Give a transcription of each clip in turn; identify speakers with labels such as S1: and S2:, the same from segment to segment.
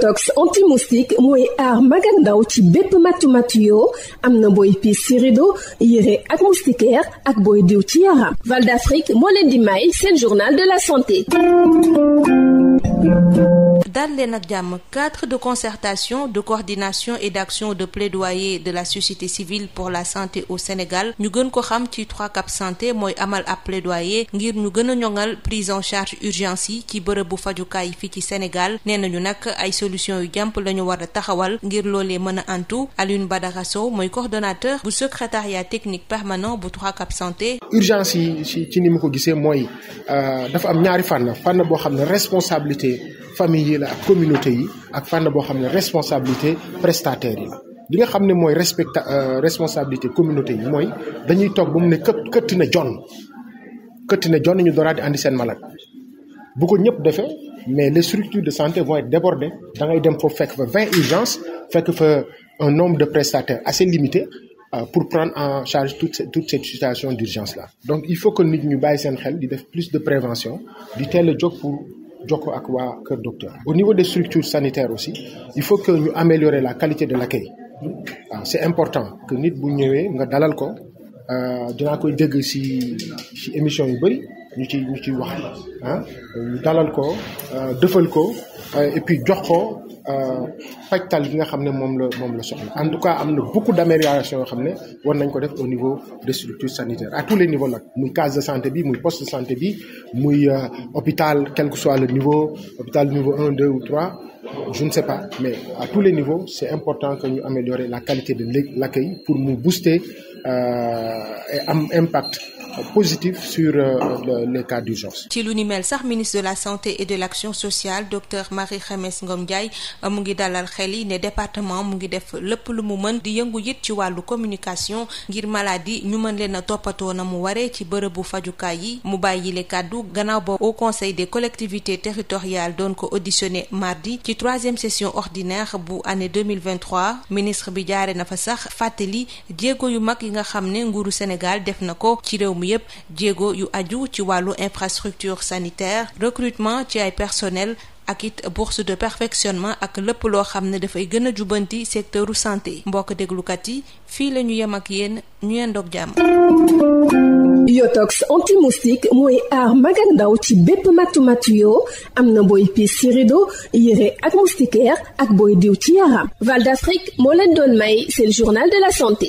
S1: biotox anti-moustique mooy aar mag ak ndaw ci bépp matu matu yoo am na booy piis ci rido yére ak moustiquaire ak booy diw ci yaram Val d'Afrique moo leen di may seen journal de la santé
S2: daal leen nag jàmm cadre de concertation de coordination et d'action de plaidoyer de la société civile pour la santé au Sénégal ñu gën ko xam ci 3CAP santé mooy amal ab plaidoyer ngir ñu gën a ñoŋal prise en charge urgence yi ci bërëbu fajukaay fii ci Sénégal nee nañu nag ay solution yu jàmp lañu ñu war a taxawal ngir loolee mën a antu Alioune Badara Sow mooy coordonnateur bu secrétariat technique permanent bu 3CAP santé.
S3: urgence yi ci ni mu ko gisee mooy euh, dafa am ñaari fànn fànn boo xam ne responsabilité la ak communauté yi ak fànn boo xam ne responsabilité prestataire yi la li nga xam ne mooy respect euh, responsabilité communauté yi mooy dañuy toog ba mu ne kë këtti na jon këtti na jon ñu doraa di andi seen malade bu ko ñëpp defee mais les structures de santé vont être débordées da dem foofu fekk fa vingt urgences fekk fa un nombre de prestataires assez limité euh, pour prendre en charge toute toute cette situation d'urgence là donc il faut que nit ñu bàyyi seen xel di def plus de prévention ko ak waa Kër Docteur. au niveau des structures sanitaires aussi il faut que ñu améliorer la qualité de l'accueil waaw ah, c'est important que nit bu ñëwee nga dalal ko euh, dinaa koy dégg ci ci émission yu bari ñu ci ñu ci wax ah dalal ko euh, dëfal ko euh, et puis jox ko. pajtal euh, gi nga xam ne moom la moom la soxla en tout cas am na beaucoup d' amélioration yoo xam ne war nañ ko def au niveau des structures sanitaires à tous les niveaux nag muy case de santé bi muy poste de santé bi muy euh, hôpital quel que soit le niveau hôpital niveau un deux ou trois je ne sais pas mais à tous les niveau c' est important que ñu améliorer la qualité de l' accueil pour mu booster euh, et am impact positif euh,
S2: ci lu ni mel sax ministre de la santé et de l'action sociale docteur Marie Khemesse Ngom Ndiaye euh, mu ngi dalal xel yi ne département mu ngi def lépp lu mu mën di yëngu it ci wàllu communication ngir maladie ñu mën leen a toppatoo na mu waree ci bërëbu fajukaay yi mu bàyyi le kàddu gannaaw ba au conseil des collectivités territoriales doon ko auditionné mardi ci troisième session ordinaire bu année 2023 ministre bi jaare na fa sax fàttali jéego yu mag yi nga xam ne nguuru Sénégal def na ko ci réew mi yépp jéego yu aju ci wàllu infrastructure sanitaire recrutement ci ay personnel ak it ak lépp loo xam ne dafay gën a jubanti secteuru santé mbokk déglukat yi fii la ñu yem ak yéen ñu yendoog jàmm
S1: yotox anti-moustique mooy aar mag ak ci bépp matu matu yoo am na booy piis ci rido yére ak moustiquaire ak booy diw ci yaram Val d'Afrique moo leen doon may c'est journal de la santé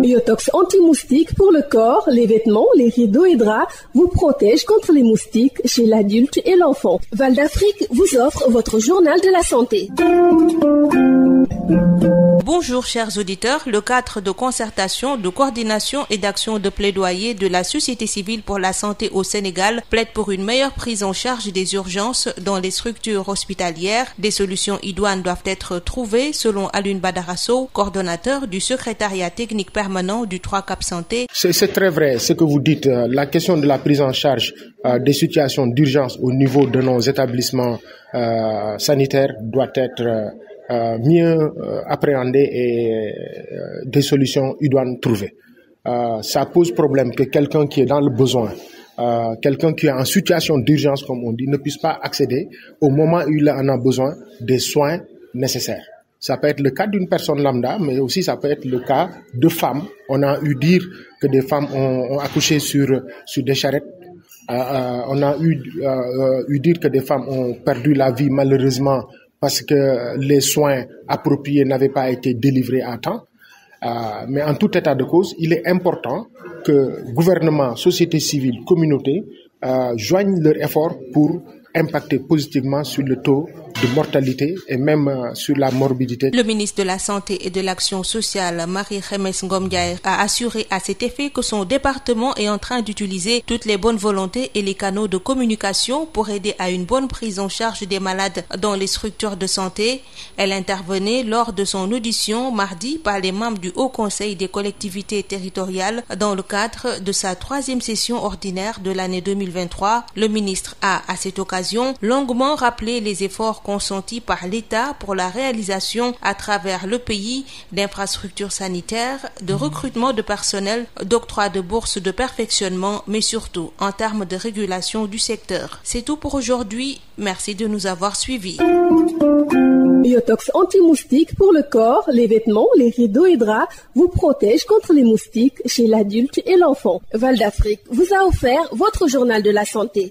S1: Biotox anti-moustique pour le corps, les vêtements, les rideaux et draps vous protège contre les moustiques chez l'adulte et l'enfant. Val d'Afrique vous offre votre journal de la santé.
S2: Bonjour chers auditeurs, le cadre de concertation, de coordination et d'action de plaidoyer de la société civile pour la santé au Sénégal plaide pour une meilleure prise en charge des urgences dans les structures hospitalières. Des solutions idoines doivent être trouvées permanent du 3 Cap Santé.
S3: C'est très vrai ce que vous dites. Euh, la question de la prise en charge euh, des situations d'urgence au niveau de nos établissements euh, sanitaires doit être euh, euh mieux appréhendée et des solutions idoines trouvées. Euh, ça pose problème que quelqu'un qui est dans le besoin, euh, quelqu'un qui est en situation d'urgence, comme on dit, ne puisse pas accéder au moment où il en a besoin des soins nécessaires. Ça peut être le cas d'une personne lambda, mais aussi ça peut être le cas de femmes. On a eu dire que des femmes ont, ont accouché sur, des charrettes. Euh, euh, on a eu, euh, euh eu que des femmes ont perdu la vie malheureusement parce que les soins appropriés n'avaient pas été délivrés à temps. Euh, mais en tout état de cause, il est important que gouvernement, société civile, communauté euh, joignent leurs efforts pour impacter positivement sur le taux de mortalité et même euh, sur la morbidité. Le
S2: ministre de la Santé et de l'Action sociale, Marie Khémesse Ngom Ndiaye, a assuré à cet effet que son de communication pour aider à une bonne prise en charge des malades dans les structures de santé. Elle intervenait lors de son audition mardi par les membres du Haut Conseil de sa de l'année 2023. Le ministre consentis par l'État pour la réalisation à travers le pays d'infrastructures sanitaires, de recrutement de personnel, d'octroi de bourses de perfectionnement, mais surtout en termes de régulation du secteur. C'est tout pour aujourd'hui. Merci de nous avoir suivis.
S1: Biotox anti pour le corps, les vêtements, les rideaux et draps vous protège contre les moustiques chez l'adulte et l'enfant. Val d'Afrique vous a offert votre journal de la santé.